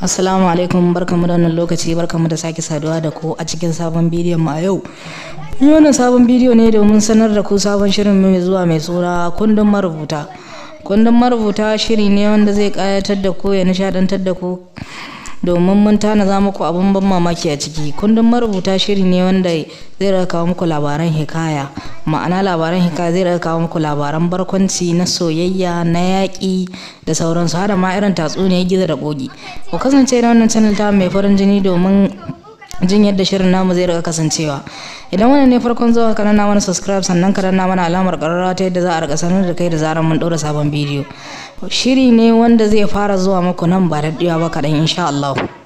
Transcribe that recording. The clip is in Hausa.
Assalamu alaikum barkamu da wannan lokaci barkamu da sake saduwa da ku a cikin sabon bidiyon mu a yau. Wannan sabon bidiyo ne domin sanar da ku sabon shirin mai zuwa mai suna kundin marubuta. kundin marubuta shiri ne wanda zai kayatar da ku ya nishadantar da ku domin mun tana za muku abin ban mamaki a ciki kundin marubuta shiri ne wanda zai raka kawo muku labaran hikaya ma'ana labaran hikaya zai raka kawo muku labaran barkwanci na soyayya na yaƙi da sauransu har ma irin tatsuniyar gizo da ƙogi ku kasance da wannan channel ta mai farin jini domin jin yadda shirin namu zai rika kasancewa idan wannan ne farkon zuwa ka danna mana subscribe sannan ka danna mana alamar kararrawa ta yadda za a rika sanar da kai da zarar mun ɗora sabon bidiyo shiri ne wanda zai fara zuwa muku nan ba daɗewa ba kaɗan insha Allah.